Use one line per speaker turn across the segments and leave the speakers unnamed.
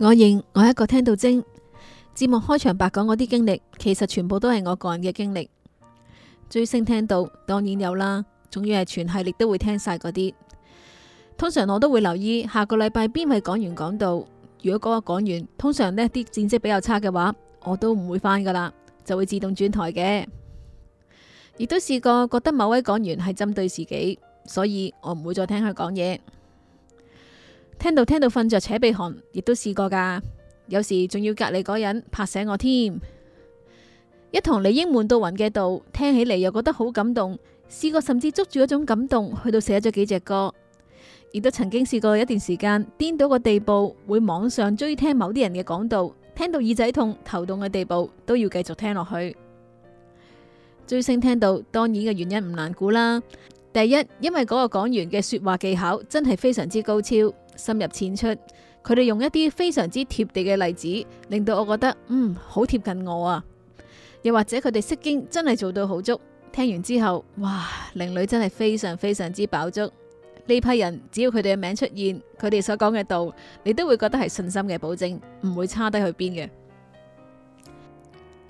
我認我一個聽到精節目開場白講我啲經歷，其實全部都係我個人嘅經歷。追星聽到當然有啦，總要係全系列都會聽晒嗰啲。通常我都會留意下個禮拜邊位講員講到，如果嗰個講員通常呢啲戰績比較差嘅話，我都唔會返㗎喇，就會自動轉台嘅。亦都試過覺得某位講員係針對自己，所以我唔會再聽佢講嘢。聽到聽到瞓着扯鼻鼾，亦都試過噶。有時仲要隔籬嗰人拍醒我添。一同李英滿到暈嘅度，聽起嚟，又覺得好感動。試過甚至捉住嗰種感動去到寫咗幾隻歌，亦都曾經試過一段時間癲到個地步，會網上追聽某啲人嘅講道，聽到耳仔痛、頭痛嘅地步都要繼續聽落去。追星聽到當然嘅原因唔難估啦。第一，因為嗰個講員嘅說話技巧真係非常之高超。深入淺出，佢哋用一啲非常之貼地嘅例子，令到我覺得，嗯，好貼近我啊！又或者佢哋釋經真係做到好足，聽完之後，哇，靈裡真係非常非常之飽足。呢批人只要佢哋嘅名出現，佢哋所講嘅道，你都會覺得係信心嘅保證，唔會差低去邊嘅。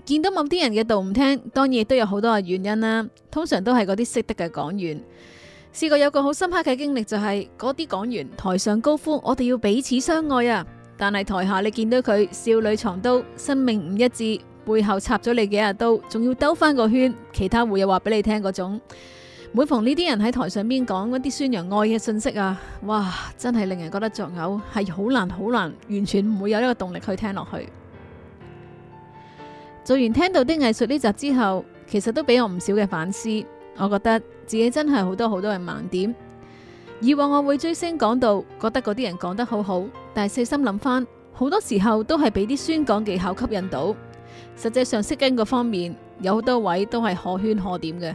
見到某啲人嘅道唔聽，當然都有好多嘅原因啦，通常都係嗰啲識得嘅講員。試過有個好深刻嘅經歷，就是，就係嗰啲講完「台上高呼我哋要彼此相愛啊，但係台下你見到佢少女藏刀，生命唔一致，背後插咗你幾日刀，仲要兜翻個圈，其他會又話俾你聽嗰種。每逢呢啲人喺台上邊講一啲宣揚愛嘅信息啊，哇，真係令人覺得作嘔，係好難好難，完全唔會有一個動力去聽落去。做完聽到的藝術呢集之後，其實都俾我唔少嘅反思，我覺得。自己真係好多好多人盲點，以往我會追星講道，覺得嗰啲人講得好好，但係細心諗翻，好多時候都係俾啲宣講技巧吸引到。實際上，識經嗰方面有好多位都係可圈可點嘅。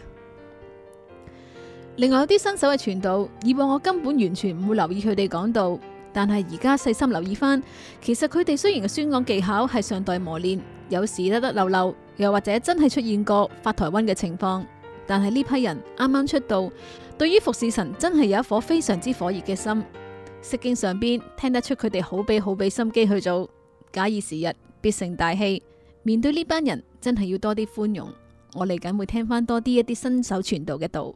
另外有啲新手嘅傳道，以往我根本完全唔會留意佢哋講道。但係而家細心留意翻，其實佢哋雖然嘅宣講技巧係上代磨練，有時甩甩漏漏，又或者真係出現過發台瘟嘅情況。但係呢批人啱啱出道，對於服侍神真係有一顆非常之火熱嘅心。聖經上邊聽得出佢哋好俾好俾心機去做。假以時日，必成大器。面對呢班人，真係要多啲寬容。我嚟緊會聽翻多啲一啲新手傳道嘅道。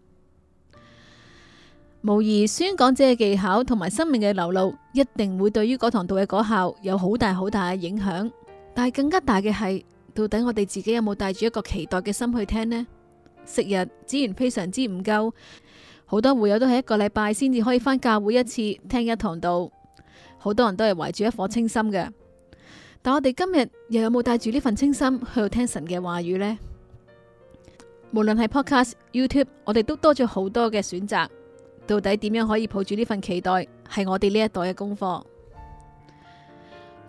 無疑，宣講者嘅技巧同埋生命嘅流露，一定會對於嗰堂道嘅果效有好大好大嘅影響。但係更加大嘅係，到底我哋自己有冇帶住一個期待嘅心去聽呢？昔日資源非常之唔夠，好多會友都喺一個禮拜先至可以返教會一次，聽一堂道。好多人都係懷住一顆清心嘅，但我哋今日又有冇帶住呢份清心去到聽神嘅話語呢？無論係 podcast、YouTube，我哋都多咗好多嘅選擇。到底點樣可以抱住呢份期待，係我哋呢一代嘅功課。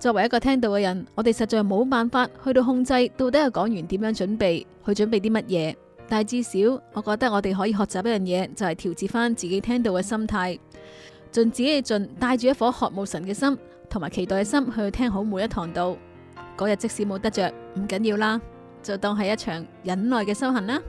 作為一個聽道嘅人，我哋實在冇辦法去到控制到底係講完點樣準備去準備啲乜嘢。但至少，我覺得我哋可以學習一樣嘢，就係調節翻自己聽到嘅心態，盡自己嘅盡，帶住一顆渴慕神嘅心，同埋期待嘅心去聽好每一堂道。嗰日即使冇得着，唔緊要啦，就當係一場忍耐嘅修行啦。